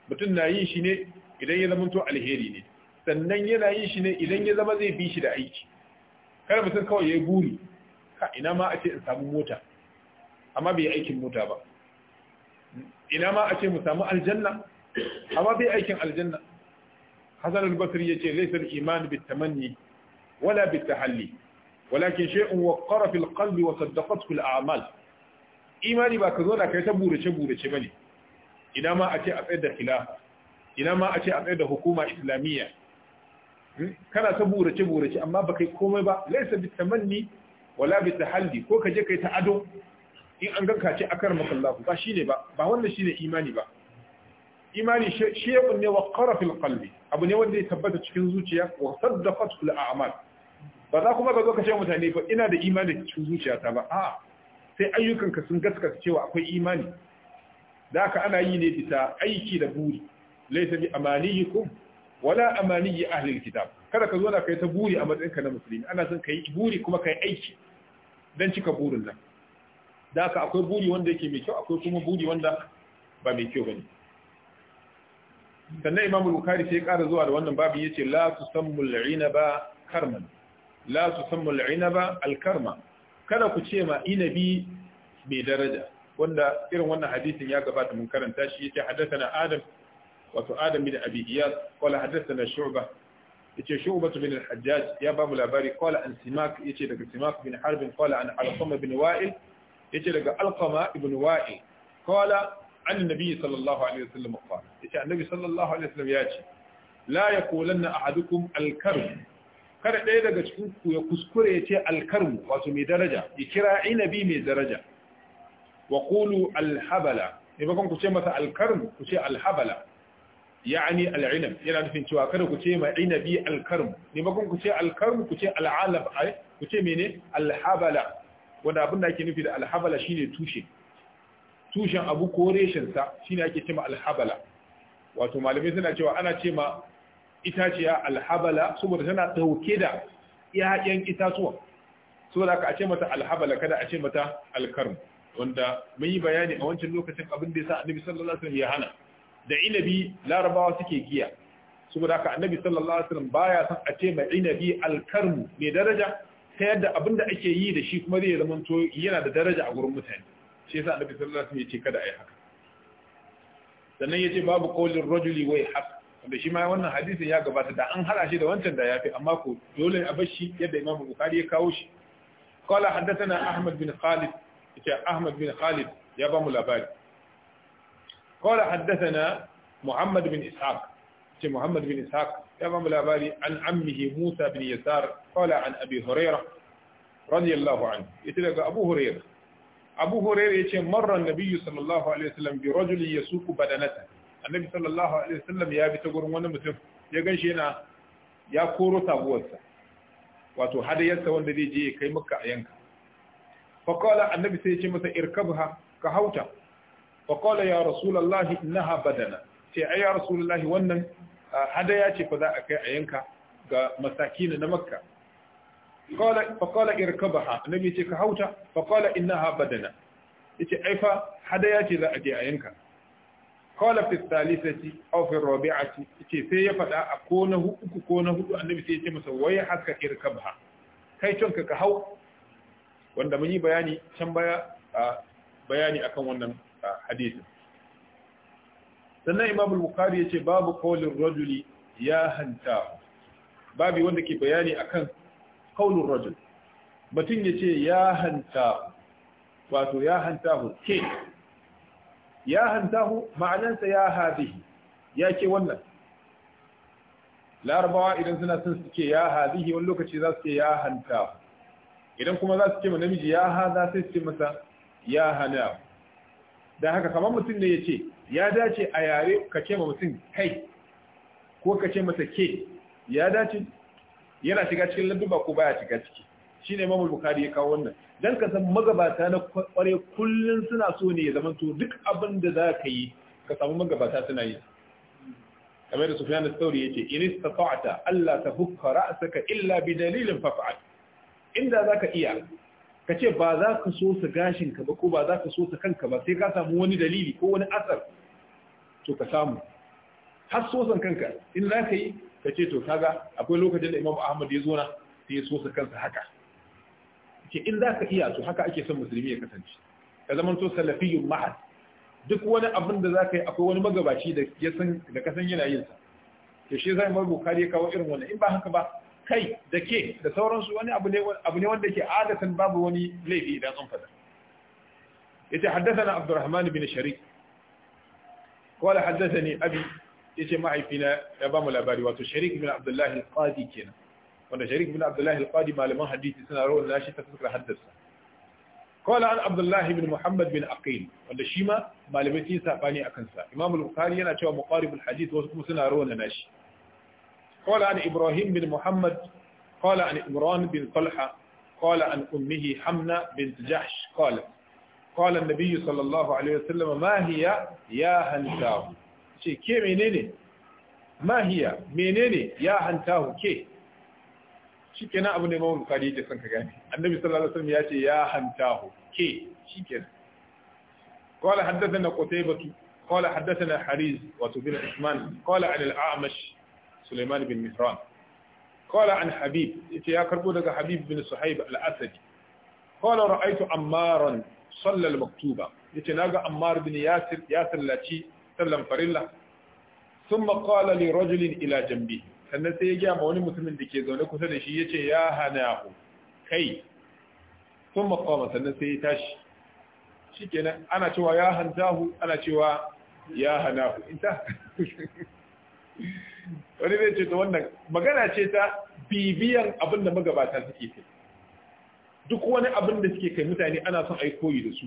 [SPEAKER 1] mutum na yin shi ne idan ya zamanto alheri ne sannan yana yin shi ne idan ya zama zai bi shi da aiki kada mutum kawai ya yi buri ka ina ma a ce in samu mota amma bai aikin mota ba ina ma a ce mu samu aljanna amma bai aikin aljanna hasan al-basri yace laysa al-iman bit tamanni wala bit tahalli walakin shay'un waqqara fil qalbi wa saddaqathu al-a'mal imani ba ka zo da kai ta burace burace bane ina ma a ce a tsayar da khilafa ina ma a ce a tsayar da hukuma islamiyya kana ta burace burace amma ba kai komai ba laisa bi tamanni wala bi tahalli ko ka je kai ta ado in an ganka ce akar makallahu ba shine ba ba wannan shine imani ba imani shay'un ne qara fil qalbi abu ne wanda ya tabbata cikin zuciya wa saddaqat fil a'mal ba za kuma ka zo ka ce mutane ba ina da imani cikin zuciyata ba a'a sai ayyukanka sun gaskata cewa akwai imani da ka ana yi ne bisa aiki da buri laisa bi amaniyikum wala amani ahli kitab kada ka zo na kai ta buri a matsayinka na musulmi ana son kai buri kuma kai aiki dan cika burin nan da haka akwai buri wanda yake mai kyau akwai kuma buri wanda ba mai kyau bane sannan imamu bukari sai ya kara zuwa da wannan babin yace la tusammu al-inaba karman la tusammu al-inaba al-karma kada ku ce ma inabi mai daraja wanda irin wannan hadisin ya gabata mun karanta shi yace hadathana adam wato adam bin abi iyad qala hadathana shu'ba yace shu'ba bin al-hajjaj ya ba mu labari qala an simak yace daga simak bin harb qala an alqama bin wa'il yace daga alqama ibn wa'il qala an nabi sallallahu alaihi wasallam qala yace annabi sallallahu alaihi wasallam yace la yaqulanna ahadukum al-karb kada ɗaya daga cikin ku ya kuskure ya ce alkarmu wato mai daraja ya kira inabi mai daraja wa qulu alhabala ne bakon ku ce masa alkarmu ku ce alhabala ya'ani al'ilm yana nufin cewa kada ku ce ma inabi al-karm ne bakon ku ce al ku ce al ku ce mene alhabala. wanda abin ake nufi da alhabala shi shine tushe tushen abu ko reshen sa shine ake cewa al wato malamai suna cewa ana ce ma itaciya alhabala saboda tana dauke da 'ya'yan itatuwa saboda aka ce mata alhabala kada a ce mata al wanda mun yi bayani a wancan lokacin abin da yasa annabi sallallahu alaihi wasallam ya hana da inabi larabawa suke giya saboda haka annabi sallallahu alaihi wasallam baya san a ce mai inabi alkarmu mai daraja ta yadda abin da ake yi da shi kuma zai zama to yana da daraja a gurin mutane shi yasa annabi sallallahu alaihi wasallam ya ce kada a yi haka sannan ya ce babu qawlin rajuli wai haq wanda shi ma wannan hadisin ya gabata da an hada shi da wancan da yafi amma ko dole a bar shi yadda imamu Bukhari ya kawo shi qala haddathana Ahmad bin Khalid yace Ahmad bin Khalid ya bamu labari قال حدثنا محمد بن إسحاق محمد بن إسحاق يمام الأباري عن عمه موسى بن يسار قال عن أبي هريرة رضي الله عنه يتلقى أبو هريرة أبو هريرة مر النبي صلى الله عليه وسلم برجل يسوق بدنته النبي صلى الله عليه وسلم يا بتقر وانا متف يقول شينا يا كورو تابوسا wato hadayarsa wanda zai je kai maka a yanka fa qala annabi sai ya ce masa irkabha ka hauta fa qala ya rasulullahi innaha badana ce ai ya rasulullahi wannan hadaya ce fa a kai a yanka ga masakin na makka qala fa qala irkabaha annabi ce ka hauta fa qala innaha badana yace ai fa hadaya ce za a je a yanka qala fi thalithati aw fi rabi'ati yace sai ya fada a ko uku ko na annabi ya kai tonka ka hau wanda mun yi bayani can baya bayani akan wannan hadisin sannan imam al-bukhari yace babu qawlin rajuli ya hanta babu wanda ke bayani akan qawlin rajul batun yace ya hanta wato ya hanta ke ya hanta ma'anansa ya hadihi ya ke wannan larabawa idan suna son suke ya hadihi wani lokaci za su ce ya hanta idan kuma za su ce namiji ya haza sai su ce masa ya hana Da haka kamar mutum ne ya ce ya dace a yare ka ce ma mutum kai ko ka ce masa ke ya dace yana shiga cikin ladduba ko baya shiga ciki Shi ne mamul bukari ya kawo wannan don ka san magabata na kware kullum suna so ne ya zama to duk abin da za ka yi ka samu magabata suna yi kamar da Sufyan al-Thawri yace in istata'ta alla tafukka ra'saka illa bi dalilin faf'al inda zaka iya ka ce ba za ka so su gashin ka ba ko ba za ka so su kanka ba sai ka samu wani dalili ko wani asar to ka samu har so san kanka in za ka yi ka ce to kaga akwai lokacin da Imam Ahmad ya zo na sai ya so su kansa haka ce in za ka iya to haka ake son musulmi ya kasance ka zama to salafiyun mahad duk wani abin da za ka yi akwai wani magabaci da ya san da ka san yana yin sa to shi zai mai bukari ya kawo irin wannan in ba haka ba kai da ke da sauransu wani abu ne wanda ke adatan babu wani laifi idan an fada yace haddathana abdurrahman bin sharik qala haddathani abi yace mahaifina ya ba mu labari wato sharik bin abdullah al-qadi kenan wanda sharik bin abdullah al-qadi malaman hadisi suna rawar nashi ta fuskar haddasa qala an abdullah bin muhammad bin aqil wanda shi ma malamai sun sabani akan sa imam al-bukhari yana cewa muqarib al-hadith wasu kuma suna rawar nashi قال عن إبراهيم بن محمد قال عن إمران بن طلحة قال عن أمه حمنة بنت جحش قال قال النبي صلى الله عليه وسلم ما هي يا هنتاه شيء كي منيني ما هي منيني يا هنتاه كي شيء كنا أبو نمون قريجة سنكاني النبي صلى الله عليه وسلم يأتي يا هنتاه كي شيء كنا قال حدثنا قتيبة قال حدثنا حريز وتبين عثمان قال عن الأعمش Suleiman bin Mihran qala an Habib yace ya karbo daga Habib bin Suhaib al-Asadi qala ra'aytu Ammaran salla al-maktuba yace naga Ammar bin Yasir ya sallaci sallan farilla thumma qala ila sannan sai ya gaya wani mutumin da ke zaune kusa da shi ya ce ya hana ku kai sun makoma sannan sai ya tashi shi ana cewa ya hanta ana cewa ya hana ku inta wani zai ce ta wannan magana ce ta bibiyan abin da magabata suke kai duk wani abin da suke kai mutane ana son a yi koyi da su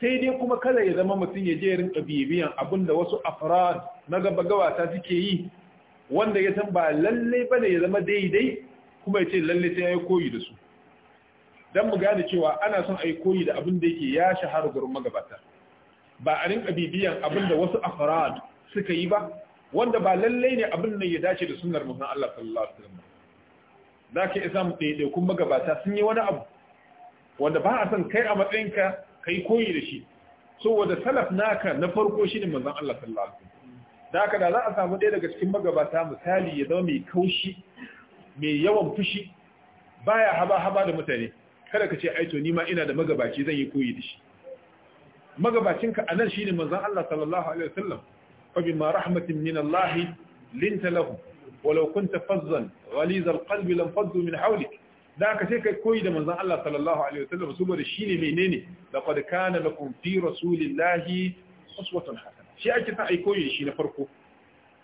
[SPEAKER 1] sai dai kuma kada ya zama mutum ya je rinka bibiyan abin da wasu afirar na gabata suke yi wanda ya san ba lallai bane ya zama daidai kuma ya ce lallai sai ya yi koyi da su Don mu gane cewa ana son a yi koyi da abin da yake ya shahara gurin magabata ba a rinka bibiyan abin da wasu afirar suka yi ba wanda ba lallai ne abin nan ya dace da sunnar manzon Allah sallallahu alaihi wasallam isa mu kun magabata sun yi wani abu wanda ba a san kai a matsayinka kai koyi da shi saboda salaf naka na farko shine mazan Allah sallallahu alaihi wasallam da haka da za a samu ɗaya daga cikin magabata misali ya zama mai kaushi mai yawan fushi baya haba-haba da mutane kada ka ce to ni ma ina da magabaci zan yi koyi da shi magabacinka a nan shi ne manzan Allah sallallahu Alaihi wasallam فبما رحمة من الله لنت لهم ولو كنت فظا غليظ القلب لانفضوا من حولك da ka sai kai koyi da manzon Allah sallallahu alaihi wasallam saboda shine menene laqad kana lakum fi rasulillahi uswatun hasana shi ake ta ai koyi shi na farko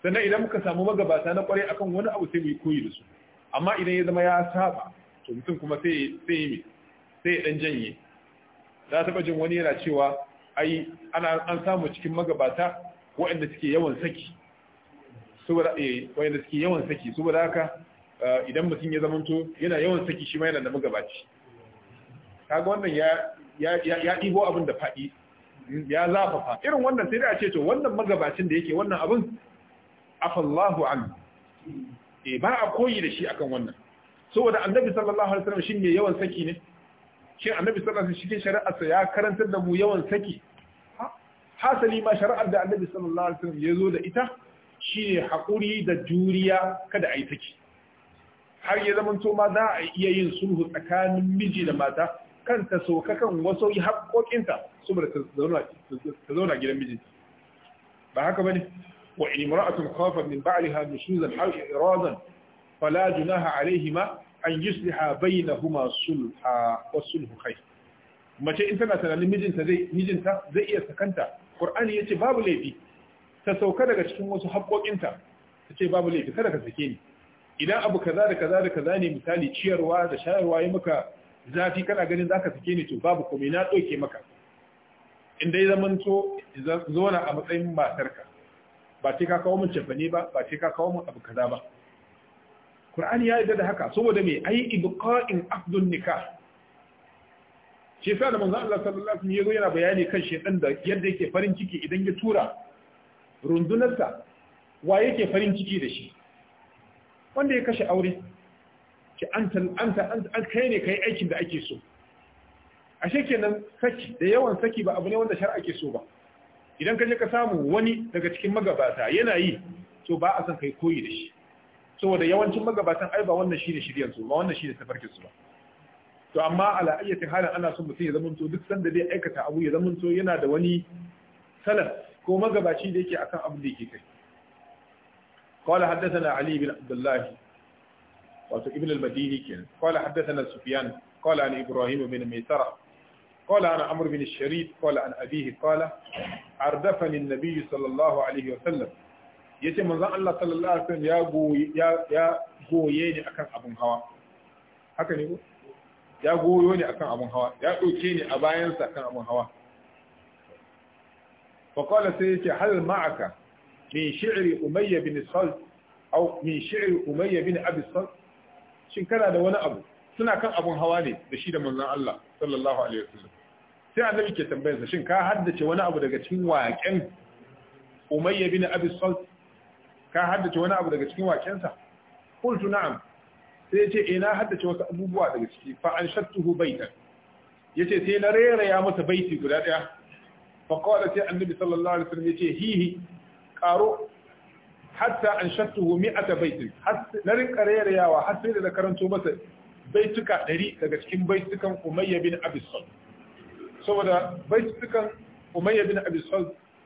[SPEAKER 1] sannan idan muka samu magabata na kware akan wani abu sai mu koyi da su amma idan ya zama ya saba to mutum kuma sai sai dan janye da taba jin wani yana cewa ai ana an samu cikin magabata waɗanda suke yawan saki saboda eh, waɗanda suke yawan saki saboda haka eh, idan mutum ya zamanto yana yawan saki shi ma yana da magabaci kaga wannan ya ɗigo abin da faɗi ya zafafa irin wannan sai dai a ce to wannan magabacin da yake wannan abin afallahu an e eh, ba a koyi da shi akan wannan saboda annabi sallallahu alaihi wasallam shine yawan saki ne shin annabi sallallahu alaihi wasallam cikin shari'arsa ya karantar da mu yawan saki hasali ma shari'ar da annabi sallallahu alaihi wasallam ya zo da ita shine haƙuri da juriya kada a yi har ya zama to ma za a iya yin sulhu tsakanin miji da mata kanta sauka kan wasu haƙoƙinta saboda ta zauna gidan mijinta ba haka bane wa in imra'atun khafat min ba'liha nushuzan aw iradan fala junaha alayhima an yusliha bainahuma sulha wa sulhu khayr mace in tana tunanin mijinta zai mijinta zai iya sakanta ya ce babu laifi ta sauka daga cikin wasu haƙoƙinta ta ce babu laifi kada ka sake ni idan abu kaza da kaza da kaza ne misali ciyarwa da shayarwa yi maka zafi kana ganin zaka sake ni to babu komai na ɗauke maka in dai zaman to zona a matsayin matarka ba ce ka kawo min cefane ba ba ce ka kawo min abu kaza ba Ƙur'ani ya yarda da haka saboda me ai ibqa'in afdun nikah shi yasa da manzon Allah sallallahu alaihi wasallam yana bayani kan shedan da yadda yake farin ciki idan ya tura rundunarsa wa yake farin ciki da shi wanda ya kashe aure ki anta anta kai ne kai aikin da ake so ashe kenan saki da yawan saki ba abu ne wanda shar'a ke so ba idan ka je ka samu wani daga cikin magabata yana yi to ba a san kai koyi da shi saboda yawancin magabatan ai ba wannan shine shiryan su ba wannan shine tafarkin su ba to amma ala ayyatin halin ana son mutum ya zamanto duk sanda zai aikata abu ya zamanto yana da wani salaf ko magabaci da yake akan abin da yake kai قال حدثنا علي بن عبد الله ابن المديني كان قال حدثنا سفيان قال عن إبراهيم بن ميسرة قال عن عمرو بن الشريد قال عن أبيه قال عردفني النبي صلى الله عليه وسلم yace manzon Allah sallallahu alaihi wa ya goye ya goye ni akan abun hawa haka ne ko ya goyo ne akan abun hawa ya ɗauke ni a bayansa akan abun hawa faƙwala sai yake hal ma'aka min shi'ri umayya bin sal au min shi'ri umayya bin abi sal shin kana da wani abu suna kan abun hawa ne da shi da manzon Allah sallallahu alaihi wasallam sai annabi ke sa, shin ka haddace wani abu daga cikin waƙen umayya bin abi sal ka haddace wani abu daga cikin waƙensa qultu na'am sai ya ce ina eh, haddace wasu abubuwa daga ciki fa an shattuhu Ya ce sai na rera ya masa baiti guda ɗaya. fa sai annabi sallallahu alaihi ya yace hihi ƙaro. hatta an shattuhu mi'ata baitin na rinka yawa har sai da karanto masa baituka ɗari daga cikin baitukan Umayya bin saboda baitukan Umayya bin Abi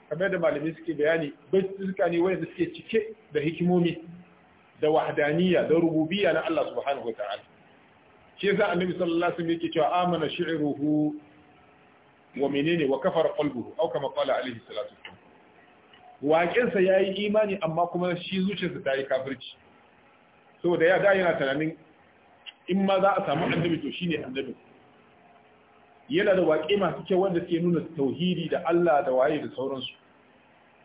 [SPEAKER 1] kamar da malamai suke bayani baituka ne wanda suke cike da hikimomi da wahdaniyya da rububiya na Allah subhanahu wa ta'ala shi yasa annabi sallallahu alaihi wasallam yake cewa amana shi'ruhu wa menene wa kafara qalbuhu aw kama qala alaihi salatu wasallam waƙinsa yayi imani amma kuma shi zuciyarsa ta yi kafirci saboda ya da yana tunanin in ma za a samu annabi to shine annabi yana da waƙe masu kyau wanda suke nuna tauhidi da Allah da waye da sauransu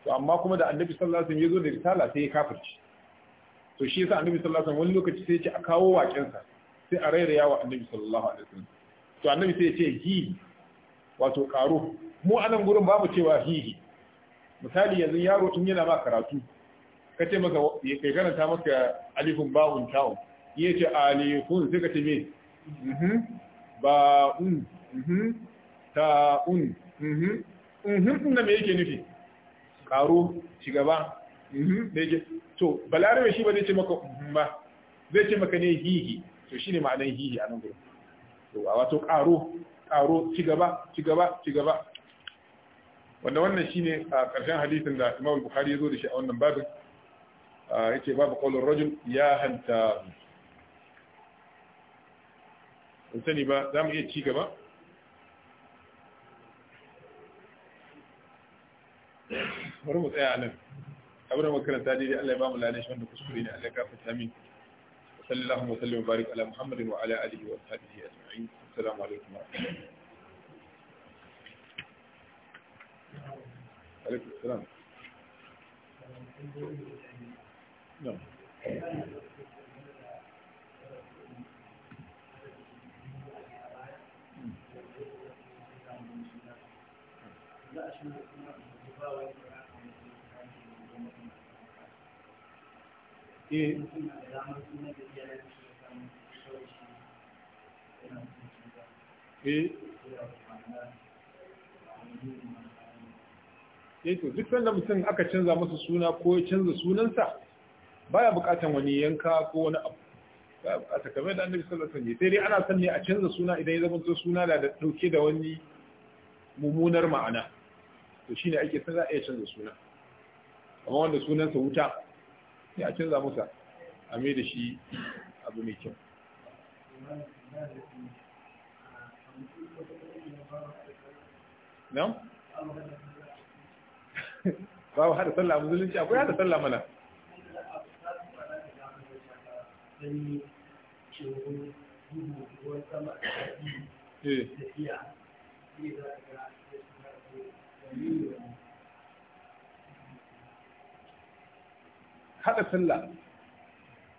[SPEAKER 1] to amma kuma da annabi sallallahu alaihi wasallam ya zo da risala sai ya kafirci to shi yasa annabi sallallahu alaihi wasallam wani lokaci sai ya ce a kawo waken sa sai a rairaya wa annabi sallallahu alaihi wasallam to annabi sai ya ce hi wato karo mu anan gurin ba mu cewa hihi misali yanzu yaro tun yana ma karatu ka ce masa ya karanta maka alifun ba'un ta'un ya ce alifun sai ka ce me mhm. ba'un mhm. ta'un mhm mhm na me yake nufi shiga ba. Mhm. to balarabe shi ba zai ce maka mhm ba zai ce maka ne hihi to shi ne ma'anar hihi a nan gurin to wato ƙaro, ƙaro cigaba, cigaba, cigaba. gaba ci gaba wanda wannan shine a ƙarshen hadisin da Imam Bukhari ya zo da shi a wannan babin Ya yace babu ƙolin rajul ya hanta in sani ba za mu iya cigaba. gaba bari mu tsaya a nan أبنا وكلا تاديري ألا إمام الله عليه وسلم كسفرين ألا كافة أمين وصل اللهم وسلم وبارك على محمد وعلى آله وصحبه أجمعين السلام عليكم ورحمة الله عليكم السلام نعم لا أشمل Eh. Eh. eh to duk sanda mutum aka canza masa suna ko ya canza sunansa baya bukatan wani yanka ko wani abu baya bukatan kamar da annabi sallallahu alaihi wasallam sai dai ana son ne a canza suna idan ya zama suna da dauke da wani mummunar ma'ana to shine ake son a canza suna amma wanda sunansa wuta sai a canza masa a mai da shi abu mai kyau nan? babu hada sallah musulunci akwai hada sallah mana Yeah. haɗa sallah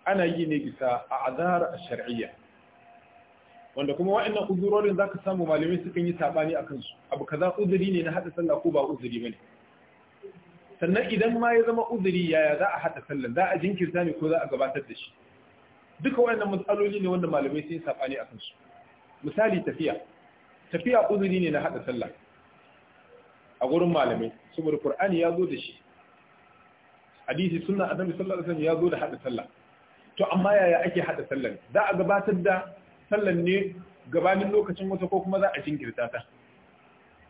[SPEAKER 1] ana yi ne bisa a azhar a shar'iyya wanda kuma wa'annan uzurorin zaka samu malamai sukan yi sabani a kansu? abu kaza uzuri ne na haɗa sallah ko ba uzuri ne? sannan idan ma ya zama uzuri yaya za a haɗa sallah za a jinkirta ne ko za a gabatar da shi duka wa'annan matsaloli ne wanda malamai sun yi saɓani a kansu. misali tafiya tafiya uzuri ne na haɗa sallah a gurin malamai saboda qur'ani ya zo da shi hadisi sunna annabi sallallahu alaihi wasallam ya zo da hada sallah to amma yaya ake hada sallah za a gabatar da sallah ne gabanin lokacin wata ko kuma za a jinkirta ta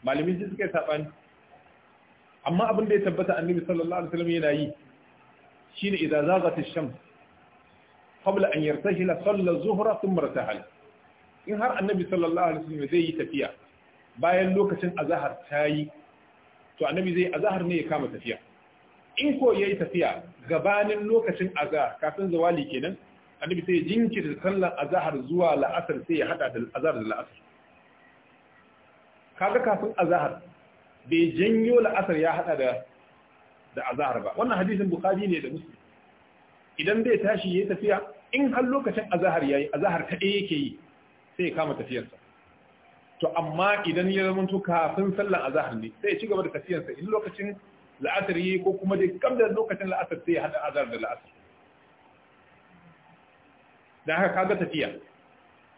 [SPEAKER 1] malamin shi suka yi sabani amma abin da ya tabbata annabi sallallahu alaihi wasallam yana yi shine idza zaghat ash-shams qabla an yartahila salla zuhra thumma irtahala in har annabi sallallahu alaihi wasallam zai yi tafiya bayan lokacin azahar ta yi to annabi zai azahar ne ya kama tafiya in ko yayi tafiya gabanin lokacin azhar kafin zawali kenan annabi sai jinkirta sallar azhar zuwa la'asar sai ya hada da azhar da la'asar kaga kafin azhar bai janyo la'asar ya hada da da azhar ba wannan hadisin bukhari ne da muslim idan bai tashi yayi tafiya in har lokacin azhar yayi azahar ta ɗaya yake yi sai ya kama tafiyarsa to amma idan ya zama to kafin sallar azahar ne sai ya ci gaba da tafiyarsa in lokacin la'asar yi ko kuma dai kam da lokacin la'asar sai ya hada azar da la'asar Da haka kaga tafiya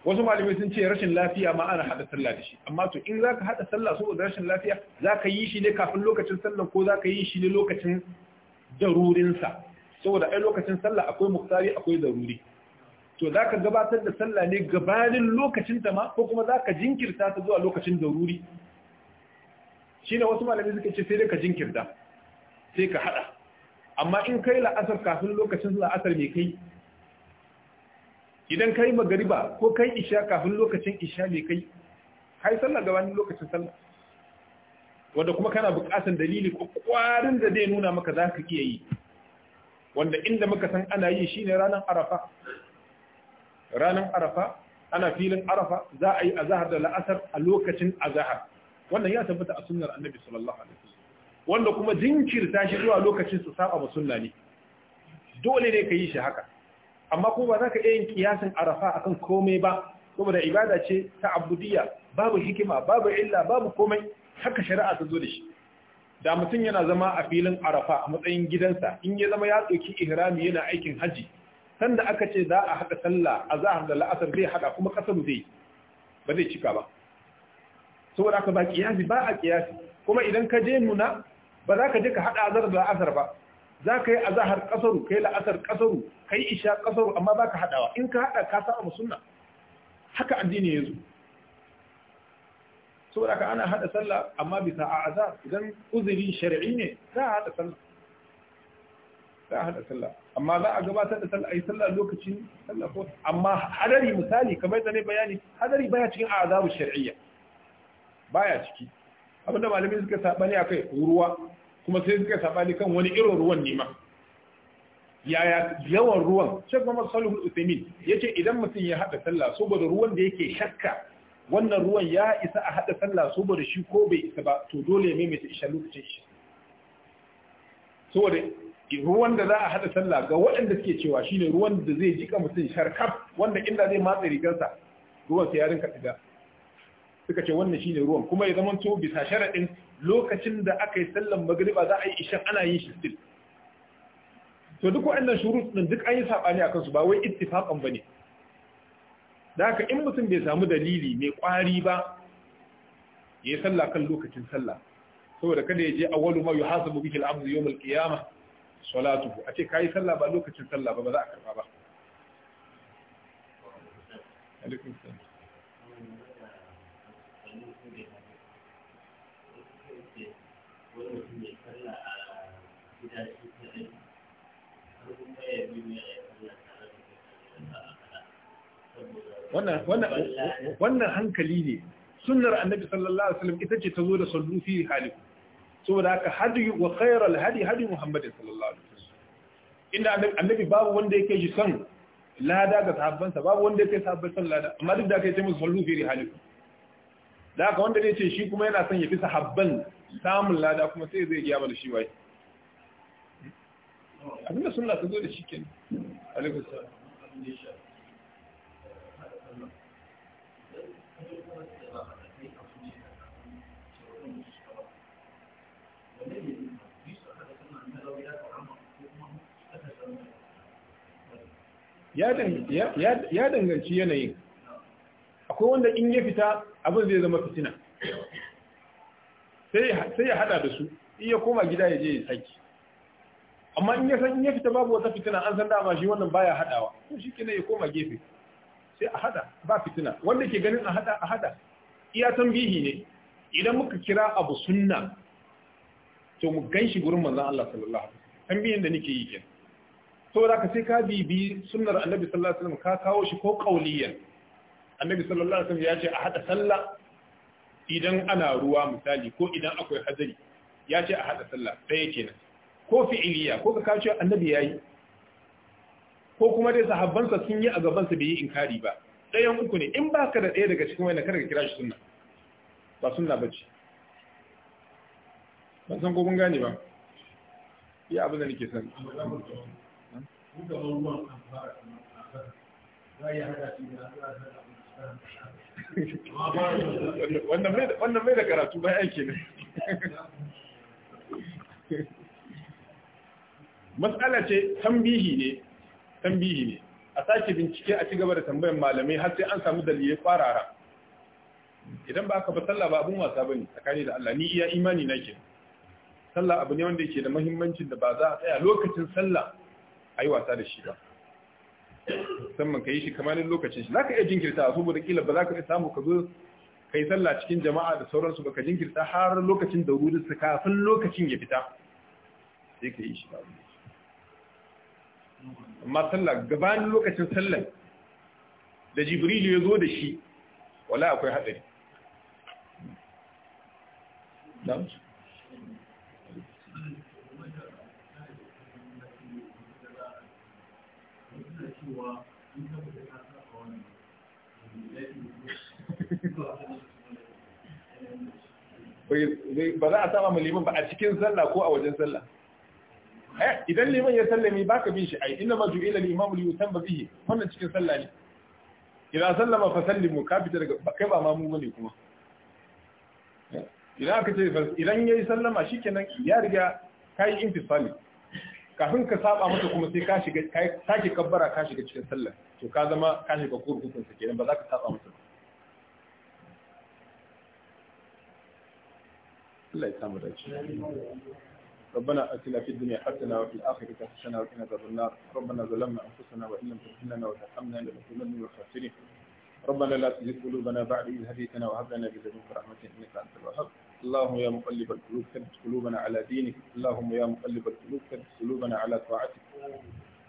[SPEAKER 1] wasu malamai sun ce rashin lafiya ma ana hada sallah da shi amma to in zaka hada sallah saboda rashin lafiya zaka yi shi ne kafin lokacin sallah ko zaka yi shi ne lokacin darurinsa saboda ai lokacin sallah akwai muktari akwai daruri to zaka gabatar da sallah ne gabanin lokacin ta ma ko kuma zaka jinkirta ta zuwa lokacin daruri shine wasu malamai suka ce sai dai ka jinkirta sai ka hada amma in kai la'asar kafin lokacin la'asar mai kai idan kai magariba ko kai isha kafin lokacin isha mai kai kai sallah gabanin lokacin sallah wanda kuma kana buƙatar dalili ko kwarin da zai nuna maka za ka iya yi wanda inda muka san ana yi shine ranar arafa ranar arafa ana filin arafa za a yi azahar da la'asar a lokacin azahar wannan ya tabbata a sunnar annabi sallallahu alaihi wanda kuma jinkirta shi zuwa lokacin su saba ba sunna ne dole ne ka yi shi haka amma kuma ba za ka iya yin kiyasin arafa a kan komai ba saboda ibada ce ta abudiyya babu hikima babu illa babu komai haka shari'a ta zo da shi da mutum yana zama a filin arafa a matsayin gidansa in ya zama ya tsoki ihrami yana aikin hajji. sanda aka ce za a haɗa sallah a za da la'asar zai haɗa kuma ƙasar zai ba zai cika ba saboda aka ba kiyasi ba a kiyasi kuma idan ka je nuna ba za ka je ka haɗa azar da la'asar ba za ka yi azahar kasaru kai la'asar kasaru yi isha kasaru amma ba ka haɗawa in ka haɗa ka sa sunna haka addini ya zo saboda ka ana haɗa sallah amma bisa a azar idan uzuri shari'i ne za a haɗa sallah za a haɗa sallah amma za a gabatar da sallah a yi sallah lokacin sallah ko amma hadari misali kamar da ne bayani hadari baya cikin azabu shar'iyya baya ciki abinda malamai suka kai, akai ruwa kuma sai suka sabani kan wani irin ruwan ne ma yaya yawan ruwan shek Muhammad Salih Uthaymeen yace idan mutum ya hada sallah saboda ruwan da yake shakka wannan ruwan ya isa a hada sallah saboda shi ko bai isa ba to dole ya maimaita isha lokacin shi saboda ruwan da za a hada sallah ga waɗanda suke cewa shine ruwan da zai jika mutum sharkaf wanda inda zai matsa rigarsa ruwan sai ya rinka tsiga suka ce wannan shine ruwan kuma ya zama to bisa sharadin lokacin da aka yi sallan magriba za a yi ishan ana yin shi still to duk waɗannan shuruɗ din duk an yi sabani akan su ba wai ittifaqan bane da haka in mutum bai samu dalili mai kwari ba ya yi sallah kan lokacin sallah saboda kada ya je awwalu ma yuhasabu bihi al-amru yawm al-qiyamah salatuhu a ce kai sallah ba lokacin sallah ba ba za a karba ba alaikum salam wannan hankali ne sunnar annabi sallallahu alaihi wasallam ita ce ta zo da sallu fi haliku saboda haka hadi wa khairal hadi hadi muhammad sallallahu alaihi wasallam inda annabi babu wanda yake shi son lada ga sa babu wanda yake sahabban son lada amma duk da kai sai musu sallu fi haliku da haka wanda ne ce shi kuma yana son ya fi sahabban samun lada kuma sai zai gyaba da shi wai abinda suna ta zo da shi ke alifisa ya danganci yanayin akwai wanda in ya fita abin zai zama fitina sai ya hada da su in ya koma gida ya je ya saki amma in ya san in ya fita babu wata fitina an san dama shi wannan baya hadawa to shi kenan ya koma gefe sai a hada ba fitina wanda ke ganin a hada a hada iya tambihi ne idan muka kira abu sunna to mu gan shi gurin manzon Allah sallallahu alaihi wasallam tambihin da nake yi kenan saboda ka sai ka bibi sunnar annabi sallallahu alaihi wasallam ka kawo shi ko qauliyan annabi sallallahu alaihi wasallam ya ce a hada sallah idan ana ruwa misali ko idan akwai hadari ya ce a hada sallah ɗaya kenan ko fi'iliya ko ka kawo annabi yi, ko kuma dai sahabbansa sun yi a gabansa bai yi inkari ba ɗayan uku ne in baka da ɗaya daga cikin wani kada ka kira shi sunna ba sunna bace ban san ko mun gane ba ya abin da nake san Muka ruwan kan fara kamar a kan, hada shi da a kan wannan mai da karatu ba aiki ne matsala ce tambihi ne tambihi ne a sake bincike a cigaba da tambayan malamai har sai an samu dalilai farara idan ba aka ba sallah ba abun wasa bane tsakani da Allah ni iya imani nake sallah abu ne wanda yake da muhimmancin da ba za a tsaya lokacin sallah yi wasa da shi ba musamman ka yi shi kamanin lokacin shi zaka iya jinkirta saboda kila ba za ka samu ka zo ka sallah cikin jama'a da sauransu ba ka jinkirta har lokacin da wurin su kafin lokacin ya fita sai ka yi shi ba amma sallah gabanin lokacin sallah da jibrilu ya zo da shi wala akwai haɗari you. ba za a sama mu liman ba a cikin sallah ko a wajen sallah eh, idan liman ya sallame baka bin shi ai inna ma ju'ila lil imam li yutamma bihi wannan cikin sallah ne idan sallama fa sallimu ka fita daga kai ba ma mu bane kuma eh, idan aka ce idan yayi sallama shikenan ya riga kai intisali kafin ka saba mata kuma sai ka shiga ka sake kabbara ka shiga cikin sallah to ka zama ka shiga kurkukun sa kenan ba za ka saba mata ba Allah ya samu dace ربنا اتنا في الدنيا حسنه وفي الاخره حسنه وقنا عذاب النار ربنا ظلمنا انفسنا وان لم تغفر لنا وترحمنا لنكونن من الخاسرين ربنا لا تزغ قلوبنا بعد إذ هديتنا وهب لنا من لدنك رحمة إنك أنت الوهاب اللهم يا مقلب القلوب ثبت قلوبنا على دينك اللهم يا مقلب القلوب ثبت قلوبنا على طاعتك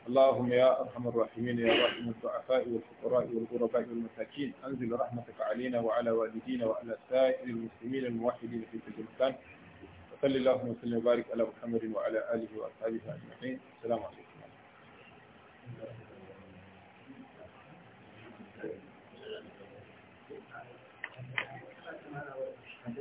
[SPEAKER 1] اللهم يا ارحم الراحمين يا راحم الضعفاء والفقراء والغرباء والمساكين انزل رحمتك علينا وعلى والدينا وعلى سائر المسلمين الموحدين في كل مكان وصلى اللهم وسلم وبارك على محمد وعلى اله واصحابه اجمعين السلام عليكم